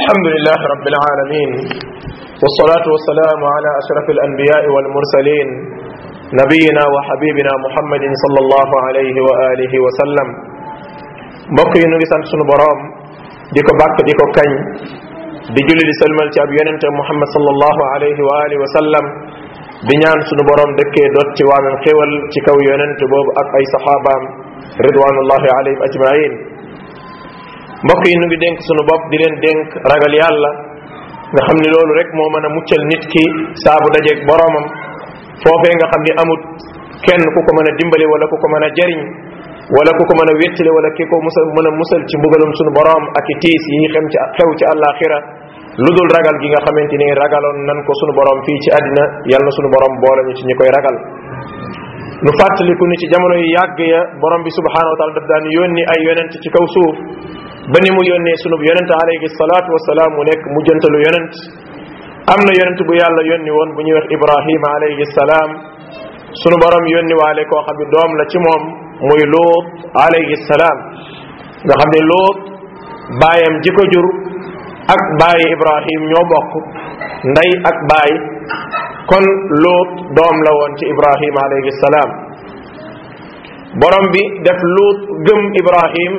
الحمد لله رب العالمين والصلاة والسلام على أشرف الأنبياء والمرسلين نبينا وحبيبنا محمد صلى الله عليه وآله وسلم mbokk yi nu ngi sant sunu boroom di ko bàkk di ko kañ di julli di salmal ci ab yonente muhammad sallallahu alayhi wa alihi wa sallam di ñaan sunu boroom dëkkee dot ci waamem xéwal ci kaw yonente boobu ak ay saxaabaam ridwanullahi alayhim ajmain mbokk nu ngi dénk sunu bopp di leen dénk ragal yàlla nga xam ni loolu rek moo mën a muccal nit ki saabu dajeeg boromam foofee nga xam ni amut kenn ku ko mën a dimbale wala ku ko mën a jariñ wala ku ko mën a wettile wala ki ko musal mën a musal ci mbugalum sunu borom ak i tiis yi xem ci xew ci àllaaxira lu dul ragal gi nga xamante ni ragaloon nan ko sunu borom fii ci àddina yàlla na sunu borom boole ñu ci ñu koy ragal nu fàttaliku ni ci jamono yàgg ya bi subhaanahu wa taala daf daan yónni ay ci kaw suuf ba ni mu yónnee sunu yonent alayhi salaatu wasalaam mu nekk mujjantalu yonent am na yonent bu yàlla yónni woon bu ñuy wax Ibrahima alayhi salaam sunu borom yónni waale koo xam ne doom la ci moom muy Luut alayhi salaam nga xam ne Luut baayam ji ko jur ak baayu Ibrahim ñoo bokk ndey ak baay kon Luut doom la woon ci Ibrahima alayhi salaam borom bi def Luut gëm Ibrahim.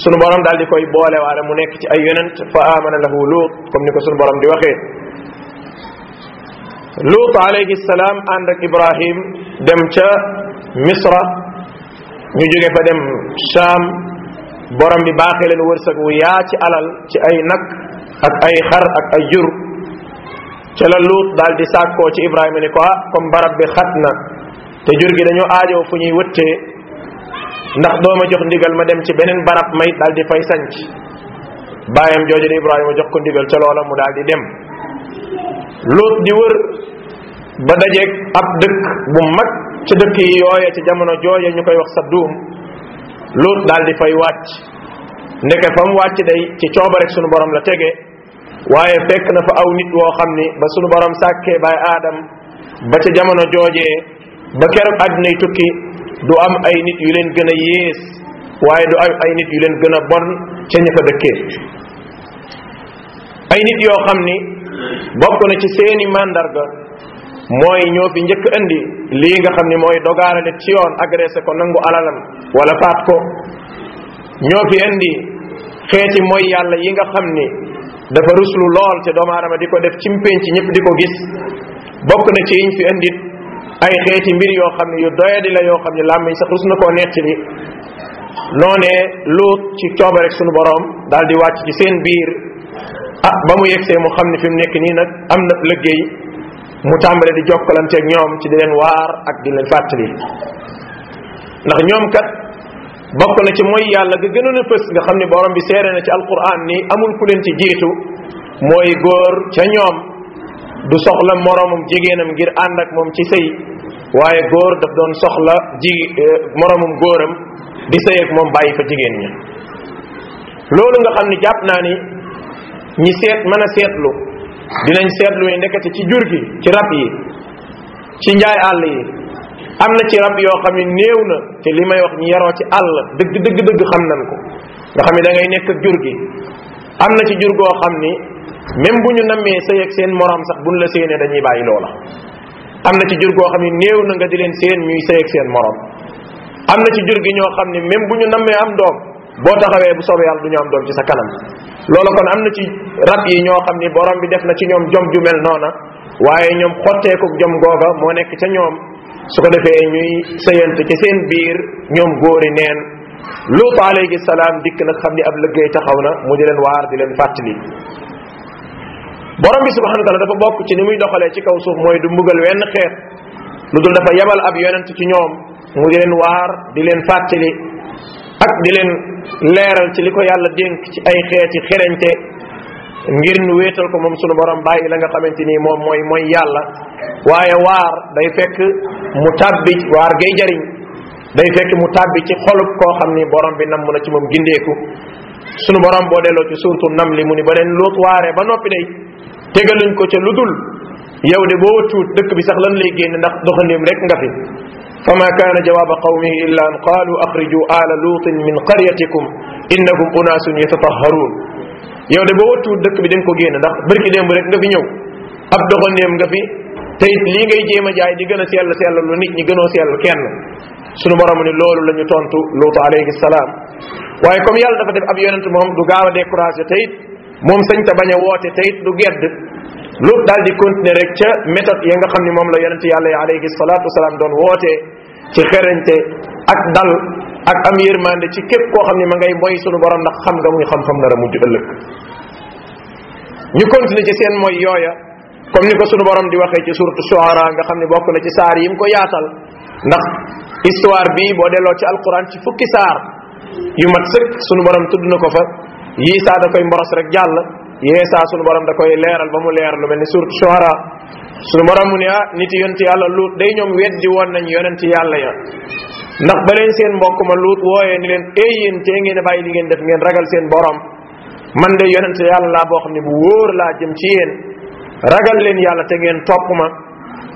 sunu borom daal di koy boole waale mu nekk ci ay yonent fa amana lahu luut comme ni ko sunu borom di waxee luut alayhi salaam ànd ak ibrahim dem ca misra ñu jóge fa dem saam borom bi baaxee leen wërsëg wu yaa ci alal ci ay nag ak ay xar ak ay jur ca la luut daal di sàkkoo ci ibrahima ni ko ah comme barab bi xat na te jur gi dañoo aajoo fu ñuy wëttee ndax doo ma jox ndigal ma dem ci beneen barab may daal di fay sanc baayam jooju di Ibrahima jox ko ndigal ca loola mu daal di dem Luut di wër ba dajeeg ab dëkk bu mag ca dëkk yi yooya ca jamono jooya ñu koy wax sa Sadduum Luut daal di fay wàcc ndeke fa mu wàcc day ci coobare sunu borom la tege waaye fekk na fa aw nit woo xam ni ba sunu borom sàkkee baay aadam ba ca jamono joojee ba keroog àddinay tukki. du am ay nit yu leen gën a yées waaye du am ay nit yu leen gën a bon ca ña dëkkee ay nit yoo xam ni bokk na ci seeni màndarga mooy ñoo fi njëkk indi lii nga xam ni mooy dogaare nit ci yoon agressé ko nangu alalam wala paat ko ñoo fi indi xeeti mooy yàlla yi nga xam ni dafa ruslu lool te doomu aadama di ko def ci mpénc ñëpp di ko gis bokk na ci yiñ fi indit ay xeeti mbir yoo xam ne yu doyadi yoo xam ne làmmiñ sax rus na koo nettali noonee luut ci cooba rek sunu boroom daal di wàcc ci seen biir ah ba mu yegsee mu xam ne fi mu nekk nii nag am na liggéey mu tàmbale di jokkalante ak ñoom ci di leen waar ak di leen fàttali ndax ñoom kat bokk na ci mooy yàlla ga gënoon a fës nga xam ne borom bi seere na ci alquran ni amul ku leen ci jiitu mooy góor ca ñoom du soxla moroomum jigéenam ngir ànd ak moom ci sëy waaye góor daf doon soxla ji eh, moroomum góoram di sëy ak moom bàyyi fa jigéen ña loolu nga xam ni jàpp naa ni ñi seet mën a seetlu dinañ seetlu yi ndekete ci jur gi ci rab yi ci njaay àll yi am na ci rab yoo xam ne néew na te li may wax ñi yaroo ci àll dëgg dëgg dëgg xam nañ ko nga xam ne da nekk ak jur gi am na ci jur goo xam ni même bu ñu nammee sëy ak seen morom sax bu buñ la séenee dañuy bàyyi loola am na ci jur goo xam ne néew na nga di leen séen ñuy sëy ak seen morom am na ci jur gi ñoo xam ne même bu ñu nammee am doom boo taxawee bu soobee yàlla du ñu am doom ci sa kanam loola kon am na ci rab yi ñoo xam ni borom bi def na ci ñoom jom ju mel noona waaye ñoom xotteeku jom googa moo nekk ca ñoom su ko defee ñuy sëyant ci seen biir ñoom góori neen luutu alayhi salaam dikk nag xam ni ab liggéey taxaw na mu di waar di leen fàttali borom bi subhanahu wa taala dafa bokk ci ni muy doxalee ci kaw suuf mooy du mbugal wenn xeet lu dul dafa yabal ab yonent ci ñoom mu di leen waar di leen fàttali ak di leen leeral ci li ko yàlla dénk ci ay xeeti xereñte ngir ñu wéetal ko moom sunu borom bàyyi la nga xamante nii moom mooy mooy yàlla waaye waar day fekk mu tàbbi waar gay jariñ day fekk mu tàbbi ci xolub koo xam ni borom bi namm na ci moom gindeeku sunu borom boo delloo ci suurtu nam li mu ni ba leen loot waaree ba noppi day tegaluñ ko ca lu dul yow de boo wëccuut dëkk bi sax lan lay génne ndax doxandéem rek nga fi fa ma kaana jawaaba qawmihi illa an qaalu axriju aala luutin min qaryatikum innahum unaasun yatataharuun yow de boo wëccuut dëkk bi dañ ko génne ndax barki démb rek nga fi ñëw ab doxandéem nga fi tey it lii ngay jéem a jaay di gën a sell sell lu ni ñi gënoo sell kenn sunu borom ni loolu la ñu tontu luutu alayhi salaam waaye comme yàlla dafa def ab yonent moom du gaaw a découragé te it moom sañ te bañ a woote te du gedd lu daal di continuer rek ca méthode ya nga xam ni moom la yonent yàlla yi alayhi salaatu wasalaam doon wootee ci xerañte ak dal ak am yërmande ci képp koo xam ni ma ngay moy sunu borom ndax xam nga muy xam fam nar a mujj ëllëg ñu continuer ci seen mooy yooya comme ni ko sunu borom di waxee ci suratu Shuara nga xam ni bokk na ci saar yi mu ko yaatal ndax histoire bi boo delloo ci alquran ci fukki saar yu mat sëkk suñu borom tudd na ko fa yiisaa da koy mboros rek jàll yeesaa suñu borom da koy leeral ba mu leer lu mel ni surtout Shuara sunu borom mu ne ah nit yonent yàlla luut day ñoom weddi woon nañ yonent yàlla ya ndax ba leen seen mbokk ma luut wooyee ni leen ey eh, yéen tee ngeen a bàyyi li ngeen def ngeen ragal seen borom man de yonent yàlla laa boo xam ne bu wóor laa jëm ci yéen ragal leen yàlla te ngeen topp ma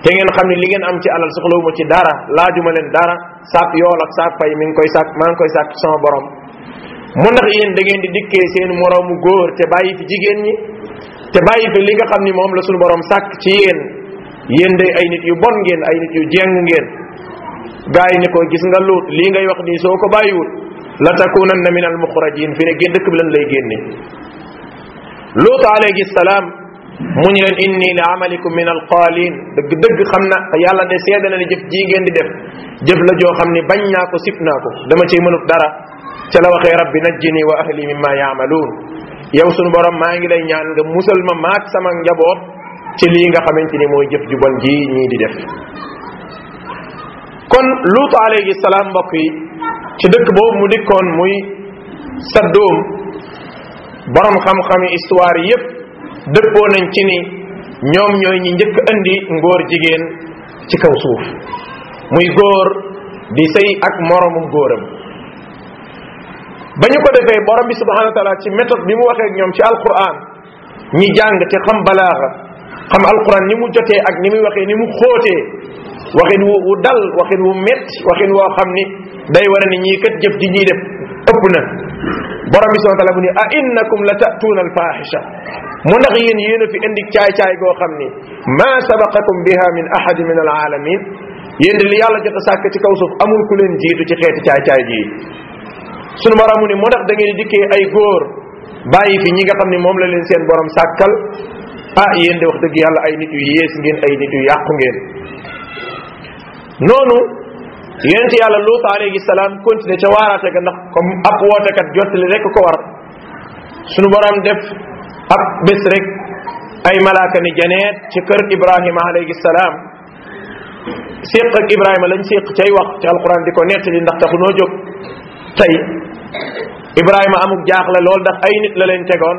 te ngeen xam ne li ngeen am ci alal soxlawuma ci dara laajuma leen dara saak yool ak saak fay mi ngi koy saak maa ngi koy saak sama borom mu ndax yéen da ngeen di dikkee seen moroomu góor te bàyyi fi jigéen ñi te bàyyi fi li nga xam ni moom la suñu borom sàkk ci yéen yéen day ay nit yu bon ngeen ay nit yu jeng ngeen gars yi ni ko gis nga luut lii ngay wax nii soo ko bàyyiwul la takunanna min al muxrajin fi ne dëkk bi lan lay génne luut alayhi salaam mu ñu leen inni li amalikum min alqaalin dëgg dëgg xam na yàlla de seede na ne jëf ji ngeen di def jëf la joo xam ni bañ naa ko sib naa ko dama ci mënut dara ca la waxee rabbi najjini wa ahli mimma yaamaluun yow sunu borom maa ngi lay ñaan nga musal ma maak sama njaboot ci lii nga xamante ni mooy jëf ju bon ji ñii di def kon luutu alayhi salaam mbokk yi ci dëkk boobu mu dikkoon muy saddoom borom xam-xami histoire yépp dëppoo nañ ci ni ñoom ñooy ñi njëkk andi ngóor jigéen ci kaw suuf muy góor di sëy ak moroomu góoram ba ñu ko defee borom bi subhanahu wa taala ci méthode bi mu waxee ñoom ci alquran ñi jàng te xam balaaxa xam alquran ni mu jotee ak ni muy waxee ni mu xóotee waxin wu wu dal waxin wu metti waxin woo xam ni day war a ni ñii kat jëf ji ñuy def ëpp na borom bi subhanahu wa taala mu ni a innakum la ta'tuuna alfahisha mu ndax yéen yéen a fi indi caay-caay goo xam ni maa sabaqakum biha min ahadi min al alamin yéen di li yàlla jot a sàkk ci kaw suuf amul ku leen jiitu ci xeeti caay-caay jii sunu borom mu ne moo tax da ngeen dikkee ay góor bàyyi fi ñi nga xam ne moom la leen seen borom sàkkal ah yéen wax dëgg yàlla ay nit yu yées ngeen ay nit yu yàqu ngeen noonu yonent yàlla luut alayhi salaam continué ca waaraate ga ndax comme ab wootekat jottali rek ko war sunu borom def ab bés rek ay malaaka ni janeet ci kër ibrahima alayhi salaam séq ak ibrahima lañ séq cay wax ci alquran di ko nettali ndax taxu noo jóg tey ibrahima amuk jaaxle lool ndax ay nit la leen tegoon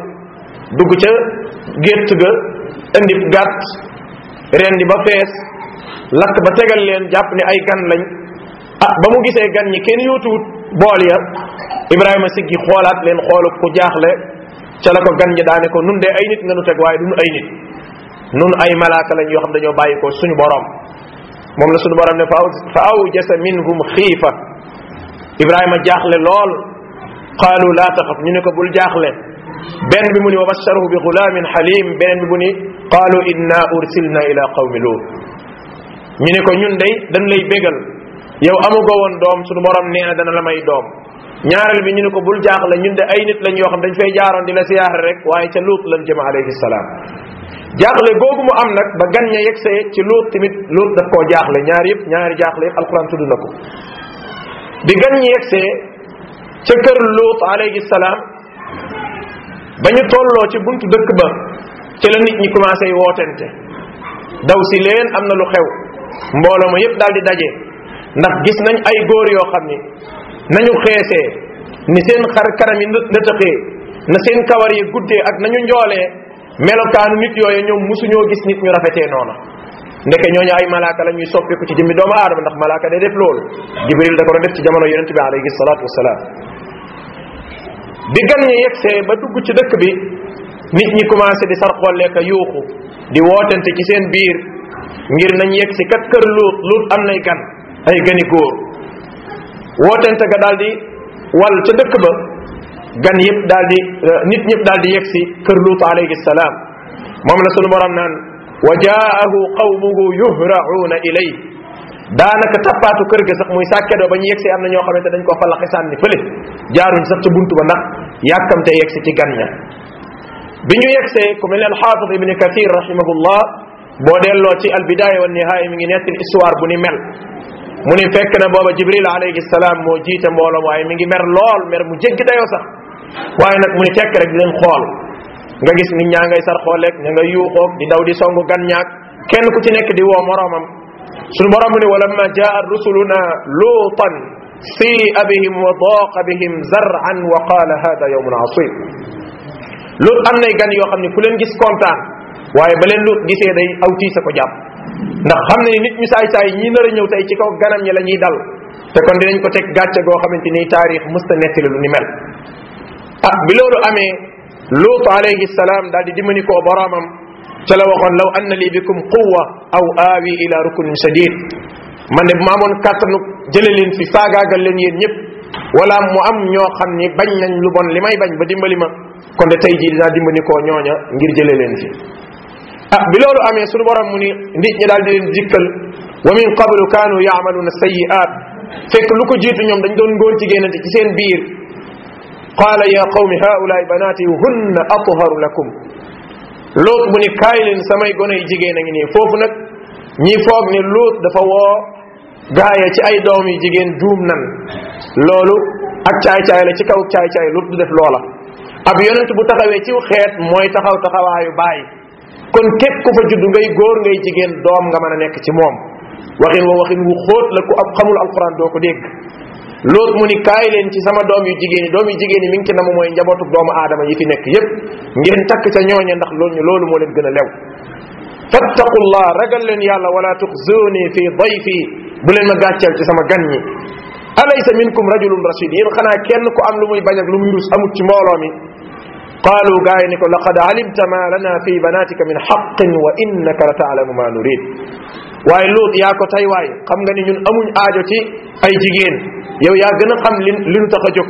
dugg ca gétt ga indi gàtt rendi ba fees lakk ba tegal leen jàpp ni ay gan lañ ah ba mu gisee gan ñi kenn yootuwut bool ya ibrahima siggi xoolaat leen xoolu ku jaaxle ca la ko gan ñi nun de ay nit nga nu teg waaye du nu ay nit nun ay malaaka lañ yoo xam dañoo bàyyi ko suñu borom moom la suñu borom ne fa awjasa minhum xiifa Ibrahima jaaxle lool qaalu laa taxaf ñu ne ko bul jaaxle benn bi mu ni wa basharuhu bi gulaamin xalim beneen bi mu ni qaalu inna ursilna ila qawmi luut ñu ne ko ñun day dañ lay bégal yow amugoo woon doom suñu borom nee na dana la may doom ñaareel bi ñu ne ko bul jaaxle ñun de ay nit lañ yoo xam dañ fay jaaroon dina la siyaare rek waaye ca luut lañ jëm alayhi jaaxle googu mu am nag ba gan ña yegsee ci luut tamit luut daf koo jaaxle ñaar yëpp ñaari jaaxle yëpp alquran tudd na ko bi gan ñi yegsee ca kër luut alayhi salaam ba ñu tolloo ci buntu dëkk ba ci la nit ñi commencé wootente daw si leen am na lu xew mbooloo ma yëpp daal di daje ndax gis nañ ay góor yoo xam ni nañu xeesee ni seen xar kanam yi nëtëxee na seen kawar yi guddee ak nañu njoolee melokaanu nit yooyu ñoom musuñoo gis nit ñu rafetee noona ndeke ñooñu ay malaaka la ñuy soppiku ci jëmmi doomu aadama ndax malaaka day def loolu jibril da ko doon def ci jamono yonente bi alayhi salaatu wasalaam bi gan ñi ba dugg ci dëkk bi nit ñi commencé di sarxollee ka yuuxu di wootante ci seen biir ngir nañ yegsi kat kër luut luut am nay gan ay gani góor wootente ga daal di wal ca dëkk ba gan yëpp daal di nit ñëpp daal di yegsi kër luut alayhi salaam moom la sunu borom naan wa jaahu qawmuhu yuhrauna ilay daanaka tappaatu kër ga sax muy sàkkedoo ba ñu yegsi am na ñoo xamante dañ koo fallaxi sànni fële jaaruñ sax ca buntu ba ndax yàkkamte yegsi ci gan ña bi ñu yegsee ku mel ne alxaafid ibni kathir rahimahullah boo delloo ci albidaaya wa nihaaya mi ngi nettin histoire bu ni mel mu ni fekk na booba jibril alayhi salaam moo jiite mbooloo waaye mi ngi mer lool mer mu jéggi dayoo sax waaye nag mu ni tekk rek di leen xool nga gis nit ñaa ngay sar xooleeg ña ngay di daw di songu gan ñaak kenn ku ci nekk di woo moroomam suñu borom mu ni walamma jaa rusuluna luutan siia bihim wa dooqa bihim zaran wa qaala hada yawmun asib lut am nay gan yoo xam ne ku leen gis konta waaye ba leen lut gisee day aw tiisa ko jàpp ndax xam ne nit ñu saay saay ñi nar a ñëw tey ci kaw ganam ñi la ñuy dal te kon dinañ ko teg gàcce goo xamante ni taarix mësta nettali lu ni mel ah bi loolu amee luut alayhi salaam daal di dimani koo boroomam ca la waxoon law anna li bikum quwa aw aawi ila rukunin shadid man ne bu amoon kàttanu jële leen fi saagaagal leen yéen ñëpp wala mu am ñoo xam ni bañ nañ lu bon li may bañ ba dimbali ma kon de tey jii dinaa dimbali koo ñooña ngir jële leen fi ah bi loolu amee sunu borom mu ni nit ñi daal di leen jikkal wa min qablu kaanu yaamaluuna sayi'aat fekk lu ko jiitu ñoom dañ doon ngóon ci génnante ci seen biir qaala ya qawmi haulaai banaati hunna atharu lakum loot mu ni kaay leen samay gone yi jigéen a ngi nii foofu nag ñi foog ne loot dafa woo gaaye ci ay doom yi jigéen juum nan loolu ak caay-caay la ci kaw caay-caay loot du def loola ab yonent bu taxawee ci xeet mooy taxaw taxawaayu bàyyi kon képp ku fa judd ngay góor ngay jigéen doom nga mën a nekk ci moom waxin wa waxin wu xóot la ku am xamul alquran doo ko dégg loolu mu ni kaay leen ci sama doom yu jigéen yi doom yu jigéen yi mi ngi ci namu mooy njabootu doomu aadama yi fi nekk yépp ngeen takk ca ñooña ndax loolu loolu moo leen gën a lew fattaqullah ragal leen yàlla wala tuxzuni fi dayfi bu leen ma gàcceel ci sama gan ñi alaysa minkum rajulun rashid yéen xanaa kenn ku am lu muy bañ lu muy rus ci mbooloo mi qaalu gaa yi ni ko laqad alimta ma lana fi banatika min xaqin wa innaka la taalamu ma nurid waaye luut yaa ko tay waay xam nga ni ñun amuñ aajo ci ay jigéen yow yaa gën a xam li li nu tax a jóg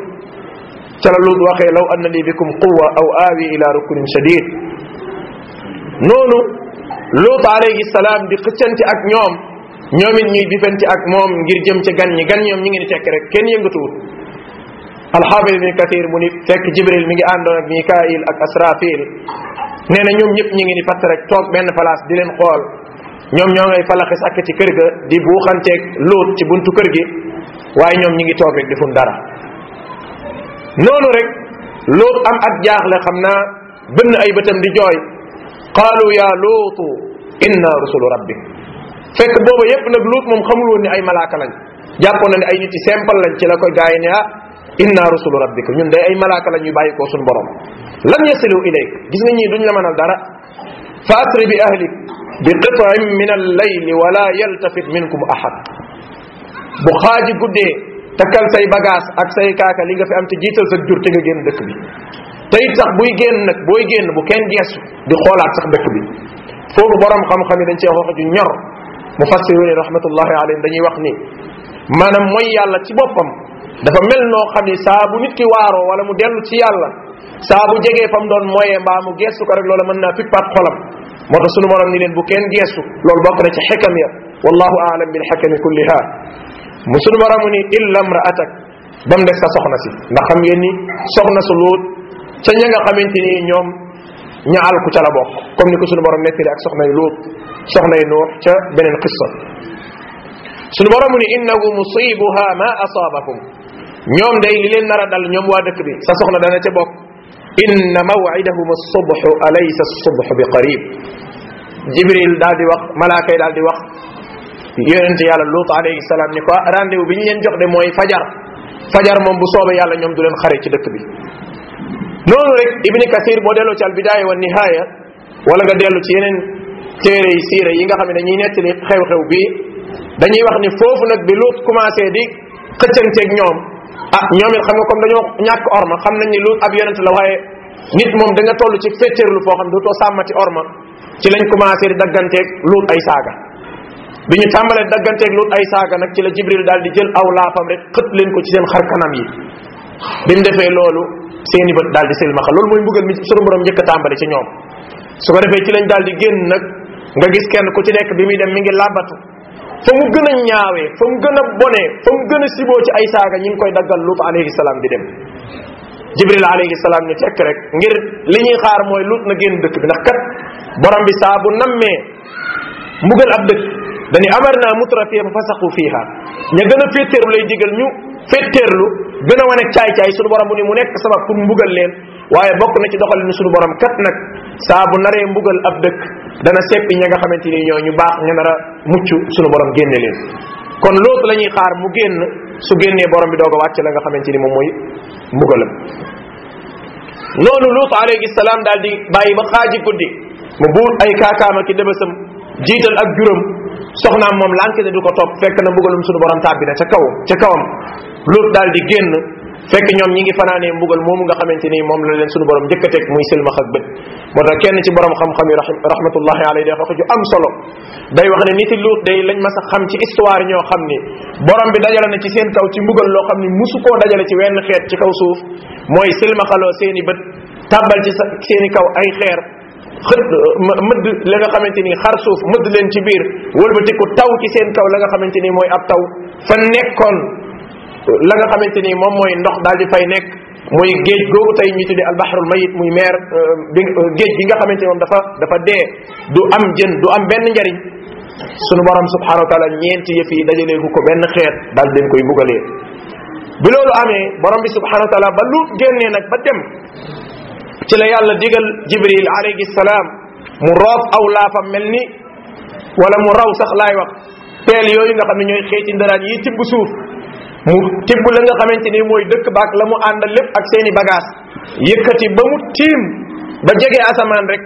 ca la luut waxee law anna li bikum quwa aw aawi ila rukunin shadid noonu luut alayhi salaam di xëccanti ak ñoom ñoom it ñuy bifanti ak moom ngir jëm ci gan ñi gan ñoom ñi ngi ni tekk rek kenn yëngatuwut alxaafis ibni kathir mu ni fekk jibril mi ngi àndoon ak mikail ak asrafil nee na ñoom ñëpp ñi ngi di fatt rek toog benn place di leen xool ñoom ñoo ngay falaxis ak ci kër ga di buuxanteeg lóot ci buntu kër gi waaye ñoom ñi ngi toog rek defuñ dara noonu rek lóot am ak jaaxle xam naa na ay bëtam di jooy qaalu yaa luutu inna rusulu rabbik fekk booba yépp nag luut moom xamul woon ni ay malaaka lañ jàppoon na ne ay nit yi simple lañ ci la ko gaay inna rusulu rabbika ñun day ay malaaka la ñuy bàyyi koo suñu borom lan yasilu ilayk gis nga ñii duñ la mënal dara fa asri bi ahlik bi qitain min al layli wala yaltafit minkum ahad bu xaaji guddee takkal say bagage ak say kaaka li nga fi am te jiital sa jur te nga génn dëkk bi tey sax buy génn nag booy génn bu kenn geesu di xoolaat sax dëkk bi foofu borom xam-xam yi dañ cee wax ju ñor mufassiruna rahmatullahi alayhim dañuy wax ni maanaam mooy yàlla ci boppam dafa mel noo xam ni saabu bu nit ki waaroo wala mu dellu ci yàlla saa bu jegee fa doon moyee mbaa mu geestu ko rek loola mën naa fippaat xolam moo ta sunu borom ni leen bu kenn geestu loolu bokk na ci xekam ya wallahu aalam bil xekami kulliha mu sunu borom ni illa mraatak ba mu def sa soxna si ndax xam ngeen ni soxna su luut ca ña nga xamante ni ñoom ñaal ku ca la bokk comme ni ko sunu borom nettali ak soxna yu luut soxna yu nuux ca beneen qissa sunu borom ni innahu ñoom day li leen nar a dal ñoom waa dëkk bi sa soxna dana ca bokk inna mawidahum asubhu alaysa asubhu bi qarib jibril daal di wax malaaka yi daal di wax yonente yàlla luut alayhi salaam ni ko rendez-vous bi ñu leen jox de mooy fajar fajar moom bu soobee yàlla ñoom du leen xare ci dëkk bi noonu rek ibni kasir boo delloo ci al bidaaya wa nihaaya wala nga dellu ci yeneen téere yi siira yi nga xam ne dañuy nettali xew-xew bi dañuy wax ni foofu nag bi luut commencé di xëccanteeg ñoom ah ñoom it xam nga comme dañoo ñàkk orma xam nañ ni loolu ab yonent la waaye nit moom da nga toll ci fecceerlu foo xam ne dootoo sàmmati orma ci lañ commencé di dagganteeg loolu ay saaga bi ñu tàmbalee dagganteeg loolu ay saaga nag ci la jibril daal di jël aw laafam rek xët leen ko ci seen xar kanam yi bi mu defee loolu seeni bët daal di silmaxa loolu mooy mbugal mi sunu borom njëkk a tàmbali ci ñoom su ko defee ci lañ daal di génn nag nga gis kenn ku ci nekk bi muy dem mi ngi làbbatu fa mu gën a ñaawee fa mu gën a bonee fa mu gën a siboo ci ay saaka ñi ngi koy daggal luut alayhi salaam di dem jibril alayhi salaam ñu tekk rek ngir li ñuy xaar mooy luut na génn dëkk bi ndax kat borom bi saa bu nammee mbugal ab dëkk dañu amar naa mutrafiya ba fasaqu fiiha ña gën a féttéerlu lay digal ñu féttéerlu gën a wane caay-caay suñu borom bu ni mu nekk sabab pour mbugal leen waaye bokk na ci doxalinu sunu borom kat nag saa bu naree mbugal ab dëkk dana seppi ña nga xamante ni ñoo ñu baax ña nar mucc sunu borom génne leen kon loolu lañuy xaar mu génn su génnee borom bi doog wàcc la nga xamante ni moom mooy mbugalam noonu luut alayhi salaam daal di bàyyi ba xaaji guddi mu buur ay kaakaama ki dëbësam jiital ak juróom soxnaam moom lànk ne du ko topp fekk na mbugalum sunu borom tàbbi na ca kaw ca kawam luut daal di génn fekk ñoom ñi ngi fanaanee mbugal moomu nga xamante ni moom la leen suñu borom njëkk a teg muy silmax ak bët moo tax kenn ci borom xam-xam yi rahmatullahi alayhi day ju am solo day wax ne nit yi luut day lañ mas a xam ci histoire ñoo xam ni borom bi dajale na ci seen kaw ci mbugal loo xam ni musu koo dajale ci wenn xeet ci kaw suuf mooy silmaxaloo seeni bët tàbbal ci seeni kaw ay xeer xët mëdd la nga xamante ni xar suuf mëdd leen ci biir wëlbatiku taw ci seen kaw la nga xamante ni mooy ab taw la nga xamante ni moom mooy ndox daal di fay nekk mooy géej googu tey ñu tuddee albaharul mayit muy meer euh, bi géej gi nga xamante ni moom dafa dafa dee du am jën du am benn njariñ sunu borom subhanahu wa taala ñeenti yëf yi leegu ko benn xeet daal leen koy bugalee bi loolu amee borom bi subhanahu wa taala ba lu génnee nag ba dem ci la yàlla digal jibril alayhi salaam mu roof aw laafam mel ni wala mu raw sax laay wax peel yooyu nga xam ne ñooy xeeti ndaraan yi tibb suuf mu tibb la nga xamante ni mooy dëkk baak la mu àndal lépp ak seeni bagage yëkkati ba mu tiim ba jege asamaan rek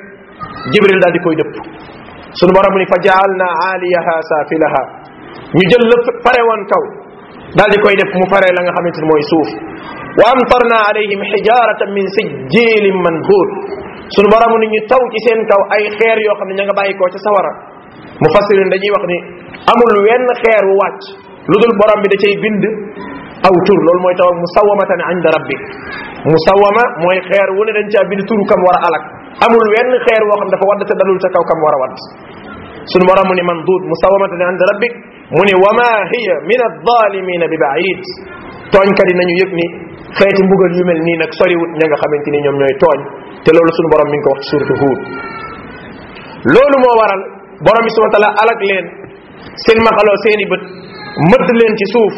jibril daal di koy dëpp sunu borom ni fa jaal na aaliyaha saafilaha ñu jël la pare woon kaw daal di koy def mu pare la nga xamante ni mooy suuf wa amtarna alayhim xijaratan min sijjilin manhud sunu borom ni ñu taw ci seen kaw ay xeer yoo xam ne ña nga bàyyi koo ca sawara mu fasirin dañuy wax ni amul wenn xeer wu wàcc lu dul borom bi da cay bind aw tur loolu mooy tawa mu tawal musawamatan inda rabbik musawama mooy xeer wu ne dañ caa bind kam war a alak amul wenn xeer woo xam dafa wadd dalul ca kaw kam war a wadd sunu borom mu ne man duud musawamatan inda rabbik mu ne wama hiya min addalimina bi baid tooñkat yi nañu yëg ni xeeti mbugal yu mel nii nag soriwut ña nga xamante ni ñoom ñooy tooñ te lool sunu borom mi ngi ko wax ci suuratu Huud moo waral borom bi subhanahu wa taala alak leen seen seeni bët mëdd leen ci suuf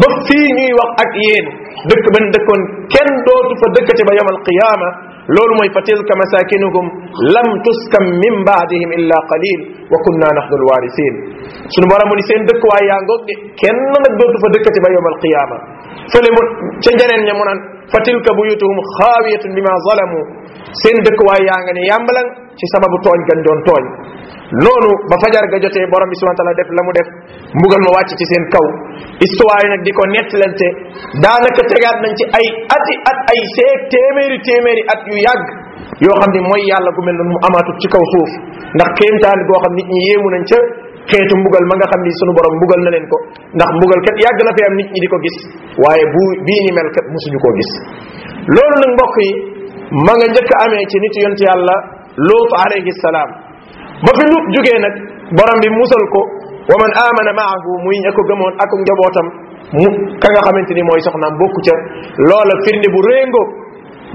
ba fii ñuy wax ak yéen dëkk ban dëkkoon kenn dootu fa dëkkate ba yawm alqiyaama loolu mooy fa tilka masaakinuhum lam tuskan min baadihim illa qalil wa kunna nahnu alwaarisin sunu borom mu ni seen dëkkuwaay yaa ngoog de kenn nag dootu fa dëkkate ba yawm alqiyaama fële mu ca njeneen ña mu naan fa tilka buyutuhum xaawiyatun bima zalamu seen dëkkuwaay yaa nga ne yàmbalang ci sababu tooñ gan doon tooñ loolu ba fajar ga jotee boroom bi subhanahu wa taala def la mu def mbugal ma wàcc ci seen kaw histoire yi nag di ko nettalante daanaka tegaat nañ ci ay ati at ay seeg téeméeri téeméeri at yu yàgg yoo xam ne mooy yàlla gu mel na mu amaatut ci kaw suuf ndax kéemtaan goo xam nit ñi yéemu nañ ca xeetu mbugal ma nga xam ni sunu borom mbugal na leen ko ndax mbugal kat yàgg na fi am nit ñi di ko gis waaye bu bii ni mel kat mosuñu yi ma nga luut alayhi salaam ba fi luut jógee nag borom bi musal ko wa man aamana maahu muy ña ko gëmoon ak njabootam mu ka nga xamante ni mooy soxnaam bokku ca loola firnde bu réngo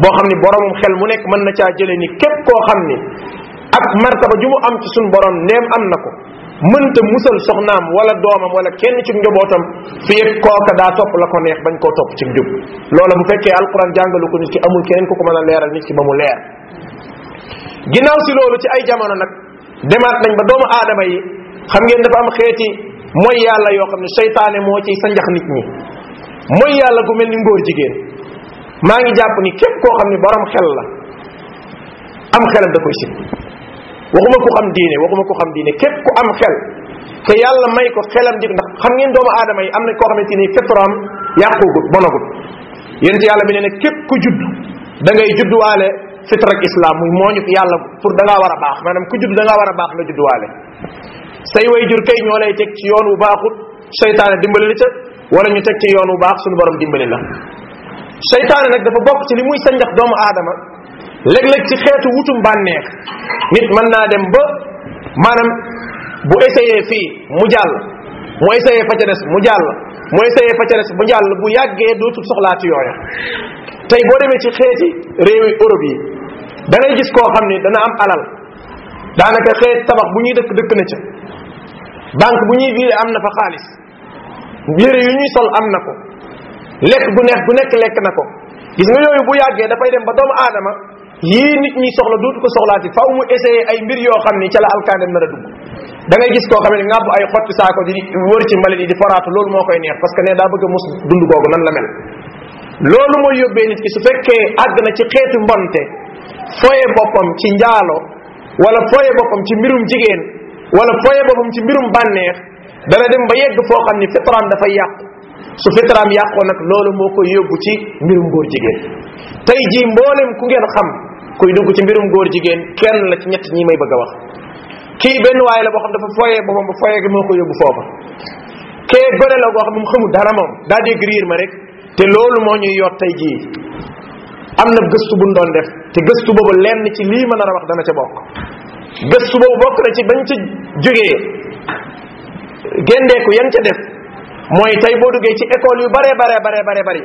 boo xam ni boromum xel mu nekk mën na caa jële ni képp koo xam ni ak martaba ju mu am ci suñ borom ndeem am na ko mënta musal soxnaam wala doomam wala kenn ci njabootam fii kooka daa topp la ko neex bañ koo topp ci njub loola bu fekkee alquran jàngalu ko nit ki amul keneen ku ko mën a leeral nit ki ba mu leer ginnaaw si loolu ci ay jamono nag demaat nañ ba doomu aadama yi xam ngeen dafa am xeeti mooy yàlla yoo xam ne seytaane moo ci sa njax nit ñi mooy yàlla gu mel ni ngóor jigéen maa ngi jàpp ni képp koo xam ne borom xel la am xelam da koy sib waxuma ku xam diine waxuma ku xam diine képp ku am xel te yàlla may ko xelam di ndax xam ngeen doomu aadama yi am na koo xamante ni fitraam yàqugut bonagut yéen ci yàlla bi nee ne képp ku judd da ngay fitra ak islam muy mooñu fi yàlla pour da war a baax maanaam ku judd da ngaa war a baax nga juddwaale say way jur kay ñoo lay teg ci yoon wu baaxut seytaane dimbali la ca wala ñu teg ci yoon wu baax suñu borom dimbali la seytaane nag dafa bokk ci li muy sanjax doomu aadama léeg-léeg ci xeetu wutum bànneex nit mën naa dem ba maanaam bu essayé fii mu jàll mu essayé fa ca mu jàll mu essayé fa ca des mu bu yàggee dootul soxlaati yooya tey boo demee ci xeeti réewi Europe yi dangay ngay gis koo xam ne dana am alal daanaka xëy tabax bu ñuy dëkk dëkk na ca banque bu ñuy viré am na fa xaalis yére yu ñuy sol am na ko lekk gu neex gu nekk lekk na ko gis nga yooyu bu yàggee dafay dem ba doomu aadama yii nit ñi soxla dootu ko soxlaati faw mu essayé ay mbir yoo xam ni ca la alkaandem nar a dugg da ngay gis koo xam ne ngàbb ay xotti saako di wër ci mbalit yi di foraatu loolu moo koy neex parce que ne daa bëgg a mos dund googu nan la mel loolu mooy yóbbee àgg na ci xeetu mbonte foye boppam ci njaalo wala foye boppam ci mbirum jigéen wala foye boppam ci mbirum bànneex dana dem ba yegg foo xam ni fitraam dafay yàqu su fitraam yàqoo nag loolu moo koy yóbbu ci mbirum góor jigéen tey jii mboolem ku ngeen xam kuy dugg ci mbirum góor jigéen kenn la ci ñett ñi may bëgg a wax kii benn waaye la boo xam dafa foyee boppam ba foyee gi moo ko yóbbu foofa kee gone la boo xam ne mu xamul dara moom daa dégg riir ma rek te loolu moo ñuy yoot tey jii am na gëstu buñ doon def te gëstu boobu lenn ci lii ma nar a wax dana ca bokk gëstu boobu bokk na ci bañ ci jógee gendeeku yan ca def mooy tey boo duggee ci ecole yu bare bare bare bare bari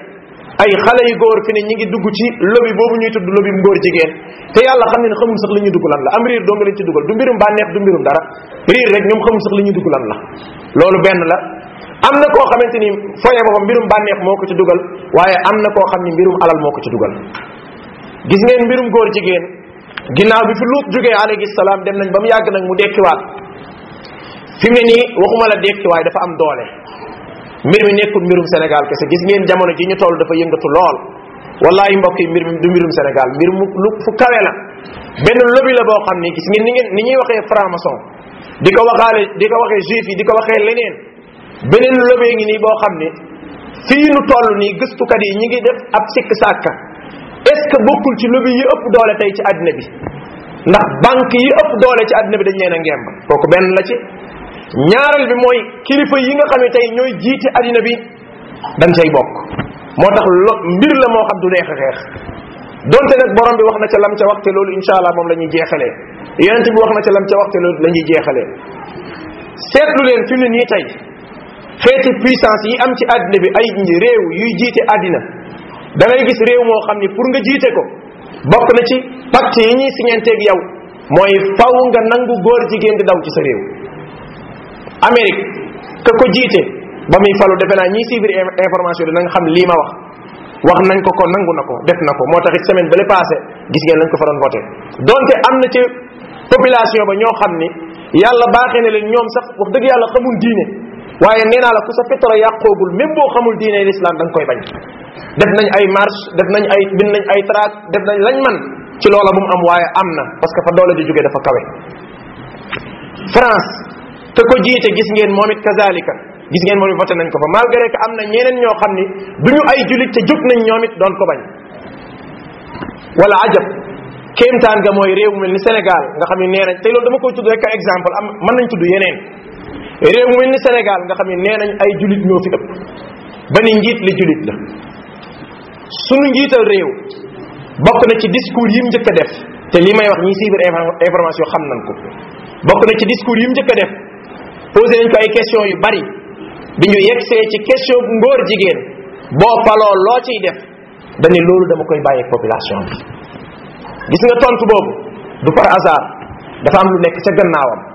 ay xale yu góor fi ne ñi ngi dugg ci lobby boobu ñuy tudd lobby góor jigéen te yàlla xam ne ne xamul sax li ñuy dugg lan la am riir doo nga leen ci dugal du mbirum bànneex du mbirum dara riir rek ñoom xamul sax li ñuy dugg lan la loolu benn la am na koo xamante ni foye boppam mbirum bànneex moo ko ci dugal waaye am na koo xam ni mbirum alal moo ko ci dugal gis ngeen mbirum góor jigéen ginnaaw bi fi luut jógee alayhi salaam dem nañ ba mu yàgg nag mu dekkiwaat fi mu ne nii waxuma la dekki waaye dafa am doole mbir mi nekkul mbirum Sénégal kese gis ngeen jamono ji ñu toll dafa yëngatu lool wallahi mbokk yi mbir mi du mbirum Sénégal mbir mu lu fu kawe la benn lobby la boo xam ne gis ngeen ni ni ñuy waxee franc-maçon di ko di ko waxee juif yi di ko waxee leneen beneen lobee ngi nii boo xam ne fii nu toll nii gëstukat yi ñi ngi def ab sikk sàkka est-ce bokkul ci lobby yi ëpp doole tey ci àddina bi ndax banque yi ëpp doole ci àddina bi dañ leen a ngemb kooku benn la ci ñaareel bi mooy kilifa yi nga xam ne tey ñooy jiite àddina bi dañ cay bokk moo tax lo mbir la moo xam du neex a xeex donte nag borom bi wax na ca lam ca waxte loolu incha allah moom la ñuy jeexalee yonent bi wax na ca lam ca waxte loolu la ñuy jeexalee seetlu leen fi nii tey xeeti puissance yi am ci àddina bi ay réew yuy jiite àddina da ngay gis réew moo xam ni pour nga jiite ko bokk na ci pacte yi ñuy siñenteeg yow mooy faw nga nangu góor jigéen di daw ci sa réew Amérique ka ko jiite ba muy falu defe naa ñi suivre information dina nga xam lii ma wax wax nañ ko ko nangu na ko def na ko moo tax it semaine bale passé gis ngeen lañ ko fa doon voté donte am na ci population ba ñoo xam ni yàlla baaxee na leen ñoom sax wax dëgg yàlla xamul diine waaye nee naa la ku sa fitra yàqoogul même boo xamul diine l'islam da koy bañ def nañ ay marche def nañ ay bind nañ ay trac def nañ lañ man ci loola bu mu am waaye am na parce que fa doole di jóge dafa kawe France te ko jiite gis ngeen moom it kazalika gis ngeen moom it voté nañ ko fa malgré que am na ñeneen ñoo xam ni ñu ay julit te jóg nañ ñoom it doon ko bañ wala ajab kéemtaan ga mooy réew mel ni Sénégal nga xam ne nee nañ te loolu dama koy tudd rek am mën nañ tudd yeneen réew mu mel ni Sénégal nga xam ne nee nañ ay julit ñoo fi ëpp ba ni njiit li julit la sunu njiital réew bokk na ci discours yi mu njëkk a def te li may wax ñi suivre information xam nañ ko bokk na ci discours yi mu njëkk a def posé nañ ko ay question yu bari bi ñu yegsee ci question bu ngóor jigéen boo faloo loo ciy def dañu loolu dama koy bàyyi population bi gis nga tontu boobu du par hasard dafa am lu nekk ca gannaawam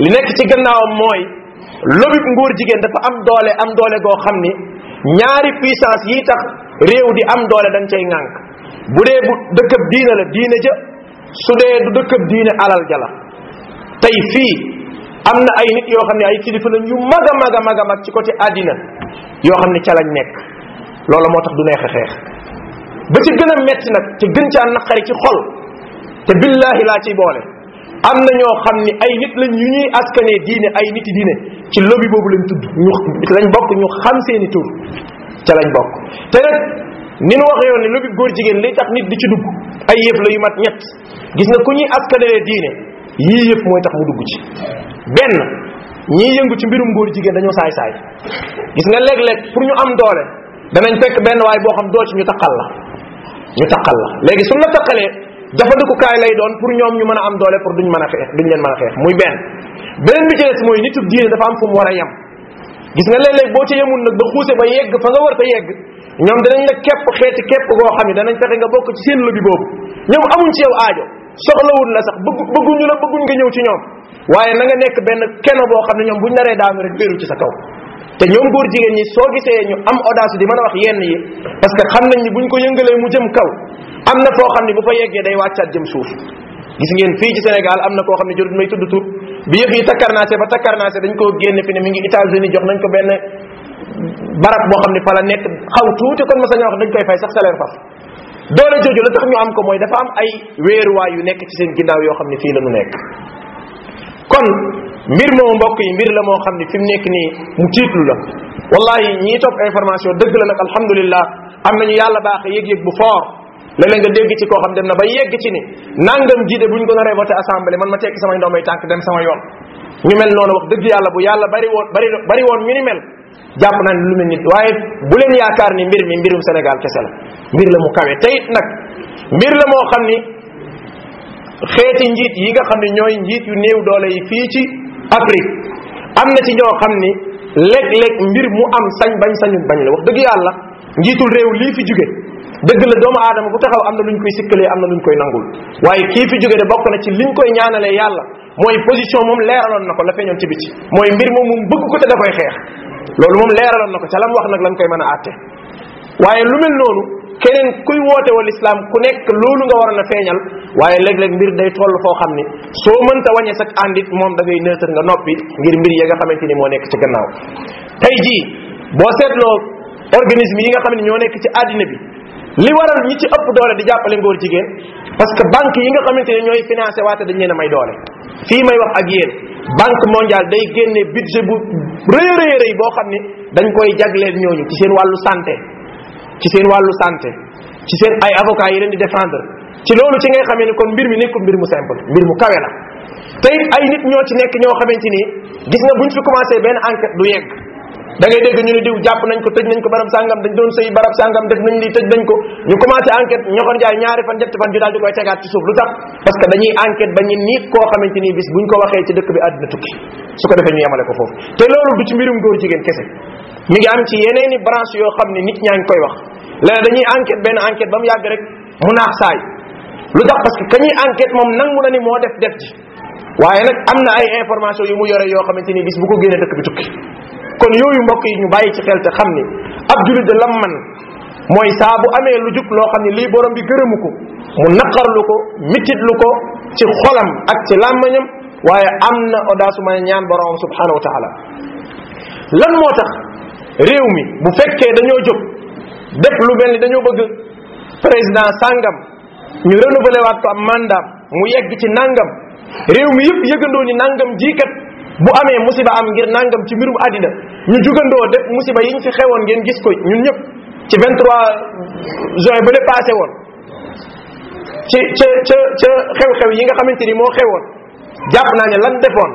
li nekk ci gannaawam mooy lobib nguur jigéen dafa am doole am doole goo xam ni ñaari puissance yi tax réew di am doole dañ cay ŋànk bu dee bu dëkkab diine la diine ja su dee du dëkkab diine alal ja la tey fii am na ay nit yoo xam ne ay kilifa lañ yu mag a mag a mag a mag ci côté àddina yoo xam ne ca lañ nekk loolu moo tax du neex a xeex ba ci gën a metti nag te gën caa naqari ci xol te billahi laa ciy boole am na ñoo xam ni ay nit lañ ñu ñuy askanee diine ay nit yi diine ci lobby boobu lañ tudd ñu lañ bokk ñu xam seeni tur ca lañ bokk te nag ni nu waxee yoon góor jigéen li tax nit di ci dugg ay yëf la yu mat ñett gis nga ku ñuy askanelee diine yii yëpp mooy tax mu dugg ci benn ñii yëngu ci mbirum góor jigéen dañoo saay saay gis nga léeg-léeg pour ñu am doole danañ fekk benn waay boo xam doo ci ñu taqal la ñu taqal la léegi suñ la taqalee jëfandikukaay lay doon pour ñoom ñu mën a am doole pour duñ mën a xeex duñ leen mën a xeex muy benn beneen bi ci des mooy nitub diine dafa am fu mu war a yem gis nga léeg-léeg boo ca yemul nag ba xuuse ba yegg fa nga war ta yegg ñoom danañ la képp xeeti xam ne danañ fexe nga bokk ci seen lu bi boobu ñoom amuñ ci yow aajo soxlawul la sax bëgg bëgguñu la bëgguñ nga ñëw ci ñoom waaye na nga nekk benn keno boo xam ne ñoom buñ naree daanu rek béeru ci sa kaw te ñoom góor jigéen ñi soo gisee ñu am audace di mën a wax yenn yi parce que xam nañ ni buñ ko yëngalee mu jëm kaw am na foo xam ne bu fa yeggee day wàccaat jëm suuf gis ngeen fii ci Sénégal am na koo xam ne jorut may tudd tur bi yëf yi takkarnaase ba takkarnaase dañ koo génn fi ne mi ngi États-Unis jox nañ ko benn barab boo xam ne fa la nekk xaw tuuti kon ma sañoo wax dañ koy fay sax salaire faf doole jooju la tax ñu am ko mooy dafa am ay wéeruwaay yu nekk ci seen ginnaaw yoo xam ne fii la ñu nekk kon mbir moomu mbokk yi mbir la moo xam ne fi mu nekk nii mu tiitlu la wallahi ñii topp information dëgg la nag alhamdulillah am nañu yàlla baax yëg-yëg bu fort léeg nga dégg ci koo xam dem na ba yegg ci ni nangam jiite buñ ko naree voté assemblée man ma tekki samay ndombay tànk dem sama yoon ñu mel noonu wax dëgg yàlla bu yàlla bari woon bari bari woon ñu jàpp naa lu mel nit waaye bu yaakaar ni mbir mi mbirum Sénégal kese la mbir la mu kawe te nag mbir la moo xam ni xeeti njiit yi nga xam ne ñooy njiit yu néew doole yi fii ci Afrique am na ci ñoo xam ni léeg mbir mu am sañ bañ sañu bañ la wax dëgg yàlla njiitul réew lii fi jóge dëgg la doomu aadama ku taxaw am na luñ koy sikkalee am na lu ñu koy nangul waaye kii fi jóge de bokk na ci liñ koy ñaanalee yàlla mooy position moom leeraloon na ko la feeñoon ci biti mooy mbir moom moom bëgg ko te da koy xeex loolu moom leeraloon na ko ca lam wax nag lañ koy mën a àtte waaye lu mel noonu keneen kuy woote wal islam ku nekk loolu nga waroon a feeñal waaye léeg-léeg mbir day toll foo xam ni soo mënta wañee sa àndit moom da ngay nga noppi ngir mbir yi nga xamante ni moo nekk ci gannaaw tey jii boo seetloo organisme yi nga xam ne ñoo nekk ci àddina bi li waral ñi ci ëpp doole di jàppale ngóor jigéen parce que banque yi nga xamante ne ñooy financé waate dañ leen may doole fii may wax ak yéen banque mondiale day génne budget bu rëy rëy rëy boo xam ne dañ koy jagleel ñooñu ci seen wàllu santé ci seen wàllu santé ci seen ay avocat yi leen di défendre ci loolu ci ngay xamee ni kon mbir mi nekkul mbir mu simple mbir mu kawe la tey it ay nit ñoo ci nekk ñoo xamante ni gis nga buñ fi commencé benn enquête du yegg da ngay dégg ñu ne diw jàpp nañ ko tëj nañ ko barab sàngam dañ doon sëy barab sàngam def nañ lii tëj nañ ko ñu commencé enquête ñoxoon jaay ñaari fan ñetti fan ñu daal di koy tegaat ci suuf lu tax parce que dañuy enquête ba ñu niit koo xamante ni bis buñ ko waxee ci dëkk bi àddina tukki su ko defee ñu yemale ko foofu te loolu du ci mbirum góor jigéen kese mi ngi am ci yeneeni branche yoo xam ne nit ñaa ngi koy wax léegi dañuy enquête benn enquête ba mu yàgg rek mu naax saay lu tax parce que ka ñuy enquête moom nangu na ni moo def def ji waaye nag am na ay information yu mu yore yoo xamante ni bis bu ko génnee dëkk kon yooyu mbokk yi ñu bàyyi ci xel te xam ni ab jullit de lam man mooy saa bu amee lu jub loo xam ne lii borom bi gërëmu ko mu naqarlu ko mititlu ko ci xolam ak ci làmmañam waaye am na audace mën a ñaan boromam subhanahu wa taala lan moo tax réew mi bu fekkee dañoo jóg def lu mel ni dañoo bëgg président sàngam ñu renouvelé waat ko am mandat mu yegg ci nangam réew mi yëpp yëgandoo ni nangam jiikat bu amee musiba am ngir nangam ci mbirum àddina ñu jugandoo def musiba yiñ fi xewoon ngeen gis ko ñun ñëpp ci 23 juin ba le passé woon ci ca ca ca xew-xew yi nga xamante ni moo xewoon jàpp naa ne lan defoon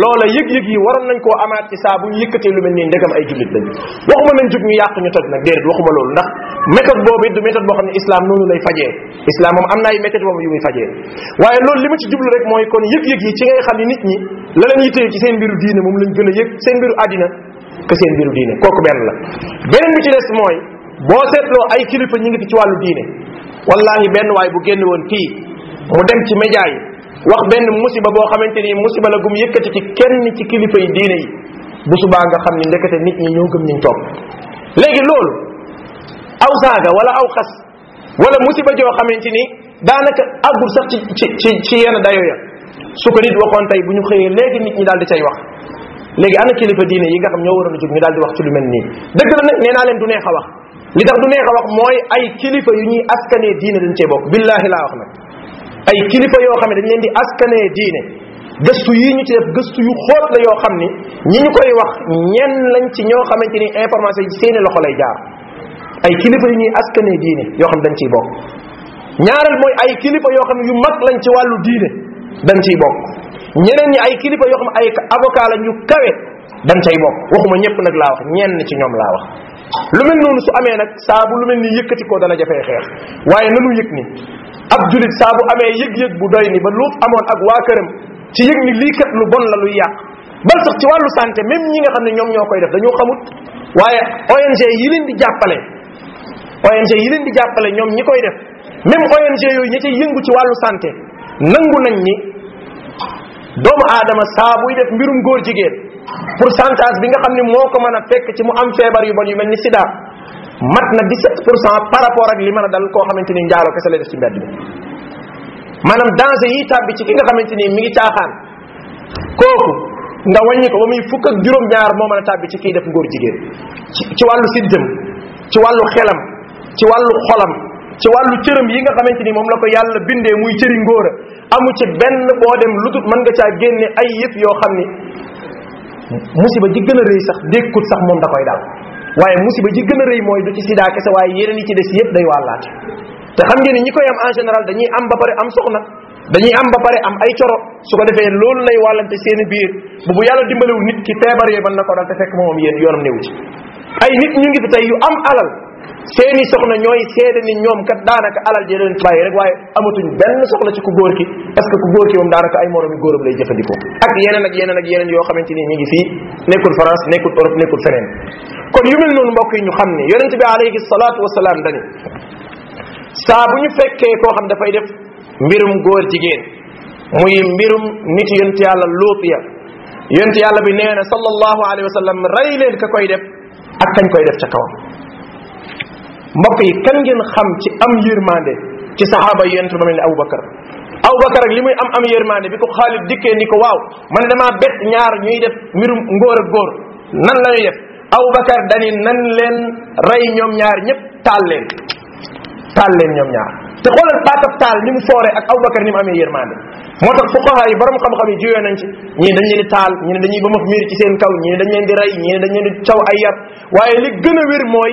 loola yëg-yëg yi waroon nañ koo amaat ci saa bu ñu yëkkatee lu mel nii ndegam ay jullit lañ waxuma nañ jug ñu yàq ñu toj nag déedéet waxuma loolu ndax méthode boobu it du méthode boo xam ne islam noonu lay fajee islam moom am na ay méthode boobu yu muy fajee waaye loolu li ma ci jublu rek mooy kon yëg-yëg yi ci ngay xam ne nit ñi la leen yittee ci seen mbiru diine moom lañ gën a yëg seen mbiru àddina que seen mbiru diine kooku benn la beneen bi ci des mooy boo seetloo ay kilifa ñi ngi fi ci wàllu diine wallahi benn waay bu génn woon fii mu dem ci média yi wax benn musiba boo xamante ni musiba la gum yëkkati ci kenn ci kilifa yi diine yi bu subaa nga xam ni ndekete nit ñi ñoo gëm ñu topp léegi loolu aw saaga wala aw xas wala musiba joo xamante ni daanaka àggul sax ci ci ci ci yenn dayo ya su ko nit waxoon tey bu ñu xëyee léegi nit ñi daal di cay wax léegi ana kilifa diine yi nga xam ñoo waroon a jóg ñu daal di wax ci lu mel nii dëgg la nag nee naa leen du neex a wax li tax du neex a wax mooy ay kilifa yu ñuy askanee diine dañ cee bokk billahi laa wax nag ay kilifa yoo xam ne dañ leen di askanee diine gëstu yi ñu ci def gëstu yu xóot la yoo xam ni ñi ñu koy wax ñenn lañ ci ñoo xamante ni information yi seeni loxo lay jaar ay kilifa yu ñuy askanee diine yoo xam ne dañ ciy bokk ñaareel mooy ay kilifa yoo xam ne yu mag lañ ci wàllu diine dañ ciy bokk ñeneen ñi ay kilifa yoo xam ne ay avocat lañ yu kawe dañ cay bokk waxuma ñëpp nag laa wax ñenn ci ñoom laa wax lu mel noonu su amee nag saa lu mel ni yëkkati ko dana jafee xeex waaye nanu yëg ni ab julit saabu amee yëg-yëg bu doy ni ba luut amoon ak waa këram ci yëg ni lii kat lu bon la luy yàq bal ci wàllu santé même ñi nga xam ne ñoom ñoo koy def dañoo xamut waaye ONG yi leen di jàppale ONG yi leen di jàppale ñoom ñi koy def même ONG yooyu ña cay yëngu ci wàllu santé nangu nañ ni doomu aadama saa buy def mbirum góor jigéen pour pourcentage bi nga xam ne moo ko mën a fekk ci mu am feebar yu bon yu mel ni sida mat na 17 pour cent par rapport ak li mën a dal koo xamante ni njaaro kese lay def ci mbedd bi maanaam danger yi tàbbi ci ki nga xamante ni mi ngi caaxaan kooku nga wàññi ko ba muy fukk ak juróom ñaar moo man a tàbbi ci kiy def ngóor jigéen ci wàllu siddëm ci wàllu xelam ci wàllu xolam ci wàllu cëram yi nga xamante ni moom la ko yàlla bindee muy cëri ngóora amu ci benn boo dem lu dul mën nga caa génne ay yëf yoo xam ni musiba ji gën a rëy sax dékkut sax moom da koy dal waaye musiba ji gën a rëy mooy du ci sida kese waaye yeneen yi ci des yëpp day wàllaate te xam ngeen ni ñi koy am en général dañuy am ba pare am soxna dañuy am ba pare am ay coro su ko defee loolu lay wàllante seen biir bu bu yàlla dimbalewu nit ki feebar yooyu mën na ko dal te fekk moom yéen yoonam newu ci ay nit ñu ngi fi tey yu am alal seeni soxna ñooy seede ni ñoom kat daanaka alal ji leen bàyyi rek waaye amatuñ benn soxla ci ku góor ki parce que ku góor ki moom daanaka ay moroomi góoram lay jëfandikoo ak yeneen ak yeneen ak yeneen yoo xamante ni ñu ngi fii nekkul France nekkul Europe nekkul feneen kon yu mel noonu mbokk yi ñu xam ne yonente bi alayhi salaatu wasalaam dañu saa bu ñu fekkee koo xam dafay def mbirum góor jigéen muy mbirum nit yonent yàlla luut ya yonent yàlla bi nee na sallallahu alayhi wa sallam rey leen ka koy def ak kañ koy def ca kawam mbokk yi kan ngeen xam ci am yërmande ci saxaaba yonent ba mel ni Aboubacar Aboubacar ak li muy am am yërmande bi ko Xaalid dikkee ni ko waaw man damaa bett ñaar ñuy def mbirum ngóor ak góor nan la ñuy def Aboubacar dani nan leen rey ñoom ñaar ñëpp taal leen taal leen ñoom ñaar te xoolal baatab taal ni mu foore ak Aboubacar ni mu amee yërmande moo tax fuqaha yi borom xam-xam yi juyoo nañ ci ñi dañ leen taal ñi ne dañuy ba max miir ci seen kaw ñi dañ leen di rey ñi dañ leen di caw ay yar waaye li gën a wér mooy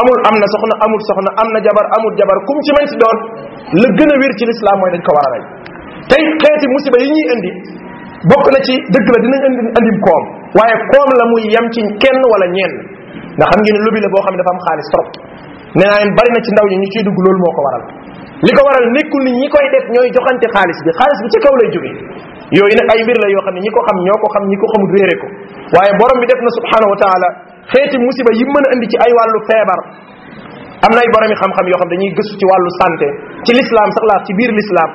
amul am na soxna amul soxna am na jabar amul jabar kum ci mën si doon la gën a wér ci lislaam mooy dañ ko war a rey tey xeeti musiba yi ñuy indi bokk na ci dëgg la dinañ indi andim koom waaye koom la muy yem ci kenn wala ñeen nga xam ngeen ne lobby boo xam ne dafa am xaalis trop nee naa leen bari na ci ndaw ñi ñu ciy dugg loolu moo ko waral li ko waral nekkul ni ñi koy def ñooy joxante xaalis bi xaalis bi ci kaw lay jógee yooyu nag ay mbir la yoo xam ne ñi ko xam ñoo ko xam ñi ko xamul réere ko waaye borom bi def na subhanahu wa taala xeeti musiba yi mën a indi ci ay wàllu feebar am na ay boromi xam-xam yoo xam dañuy gëstu ci wàllu santé ci lislaam sax laa ci biir lislaam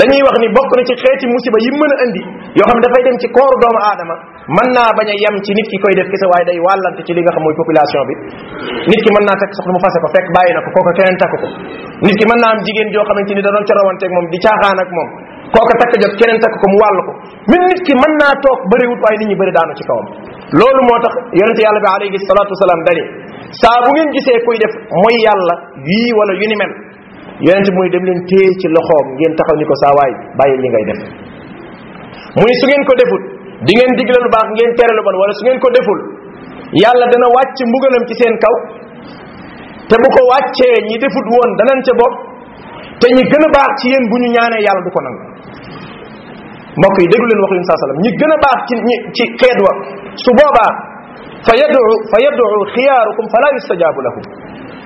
dañuy wax ni bokk na ci xeeti musiba yi mën a indi yoo xam dafay dem ci kooru doomu aadama mën naa bañ a yem ci nit ki koy def kese waaye day wàllante ci li nga xam mooy population bi nit ki mën naa takk soxna mu fase ko fekk bàyyi na ko kooku keneen takk ko nit ki mën naa am jigéen joo xamante ni da doon ca moom di caaxaan ak kooka takk jot keneen takk ko mu wàll ko min nit ki mën naa toog bëriwut waaye nit ñi bëri daanu ci kawam loolu moo tax yonente yàlla bi alayhi salatu wasalaam saa bu ngeen gisee kuy def mooy yàlla yii wala yu ni mel yonente muy dem leen téye ci loxoom ngeen taxaw ni ko saa waay bàyyi li ngay def mu ni su ngeen ko defut di ngeen digle lu baax ngeen tere lu bon wala su ngeen ko deful yàlla dana wàcc mbugalam ci seen kaw te bu ko wàccee ñi defut woon danañ ca bokk te ñi gën a baax ci yéen bu ñu ñaanee yàlla du ko nangu mbokk yi déglu leen wax yun saa sallam ñi gën a baax ci ñi ci xeet wa su boobaa fa yadu fa yadu xiyaarukum fala yustajaabu lahum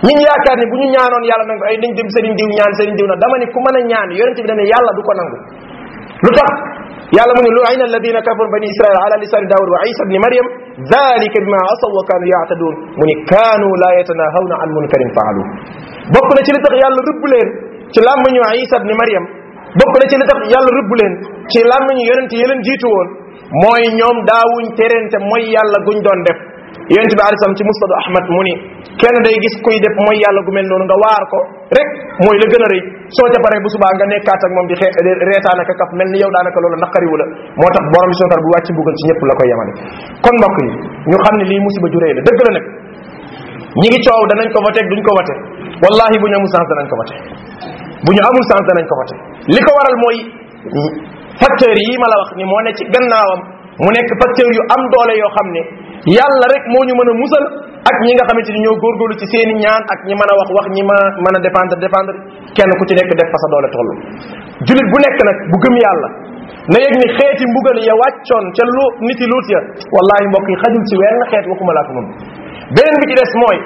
ñi ñu yaakaar ne bu ñu ñaanoon yàlla nangu ay dañ dem sëriñ diw ñaan sëriñ diw na dama ni ku mën a ñaan yonente bi dane yàlla du ko nangu lu tax yàlla mu ne lu ayna alladina kafaru bani israil ala lisani daawud wa isa bni maryam dalika bima asaw wa kaanu yaataduun mu ni kaanu la yatanahawna an munkarin faalu bokk na ci li tax yàlla rëbb leen ci làmmiñu Isa ibn Maryam bokk na ci li tax yàlla rëbb leen ci làmmiñu yonent yi leen jiitu woon mooy ñoom daawuñ terente mooy yàlla guñ doon def yonent bi alisam ci musnadu ahmad mu ni kenn day gis kuy def mooy yàlla gu mel noonu nga waar ko rek mooy la gën a rëy soo ca paree bu subaa nga nekkaat ak moom di xee reetaan kaf mel ni yow daanaka loolu naqariwu la moo tax borom bi sontar bu wàcc mbugal ci ñëpp la koy yemale kon mbokk yi ñu xam ne lii musiba ju rëy la dëgg la ñi ngi coow danañ ko voté duñ ko voté wallahi bu ñu amul sens danañ ko voté bu ñu amul sens danañ ko voté li ko waral mooy facteurs yii ma la wax ni moo ne ci gannaawam mu nekk facteurs yu am doole yoo xam ne yàlla rek moo ñu mën a musal ak ñi nga xamante ni ñoo góorgóorlu ci seeni ñaan ak ñi mën a wax wax ñi ma mën a dépendre dépendre kenn ku ci nekk def fa sa doole toll jullit bu nekk nag bu gëm yàlla na yëg ni xeeti mbugal ya wàccoon ca lu niti luut ya wallahi mbokk yi xajul ci wenn xeet waxuma laa ko moom beneen bi ci des mooy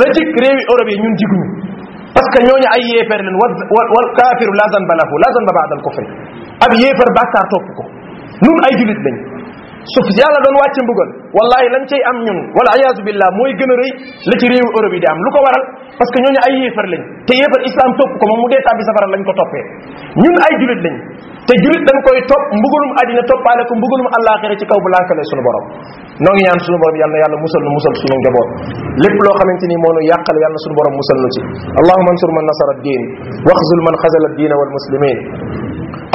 la jik réewi ñun jiguñu parce que ñooñu ay yéefar leen wal kaafiru la zanba lahu la zanba ba'da al kufri ab yéefar bàkkaar topp ko nun ay julit lañ su yàlla doon wàcce mbugal wallahi lañ cay am ñun wala ayasu billah mooy gën a rëy la ci réewu Europe yi di am lu ko waral parce que ñooñu ay yéefar lañ te yéefar islam topp ko moom mu dee tàbbi safara lañ ko toppee ñun ay julit lañ te julit dañ koy topp mbugalum àddina toppaale ko mbugalum àllaaxira ci kaw bu laakale borom noo ngi ñaan suñu borom yàlla na yàlla musal nu musal suñu njaboot lépp loo xamante ni moo nu yàqal yàlla na borom musal nu ci allahuma ansur man nasara ad din waxzul man xazala ad diina wal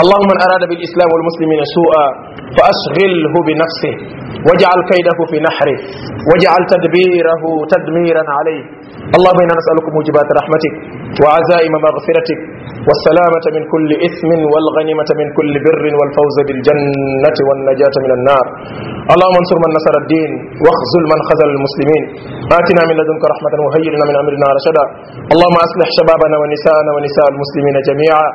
اللهم من أراد بالإسلام والمسلمين سوءا فأشغله بنفسه واجعل كيده في نحره واجعل تدبيره تدميرا عليه اللهم إنا نسألك موجبات رحمتك وعزائم مغفرتك والسلامة من كل إثم والغنيمة من كل بر والفوز بالجنة والنجاة من النار اللهم انصر من نصر الدين واخذل من خذل المسلمين آتنا من لدنك رحمة وهيئ لنا من أمرنا رشدا اللهم أصلح شبابنا ونساءنا ونساء المسلمين جميعا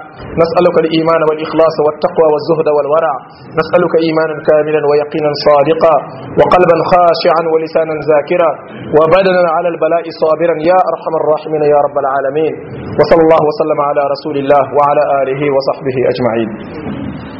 نسألك الإيمان والإخلاص والتقوى والزهد والورع نسألك إيمانا كاملا ويقينا صادقا وقلبا خاشعا ولسانا ذاكرا وبدنا على البلاء صابرا يا أرحم الراحمين يا رب العالمين وصلى الله وسلم على رسول rasulillah wa ala alihi wa sahbihi ajmain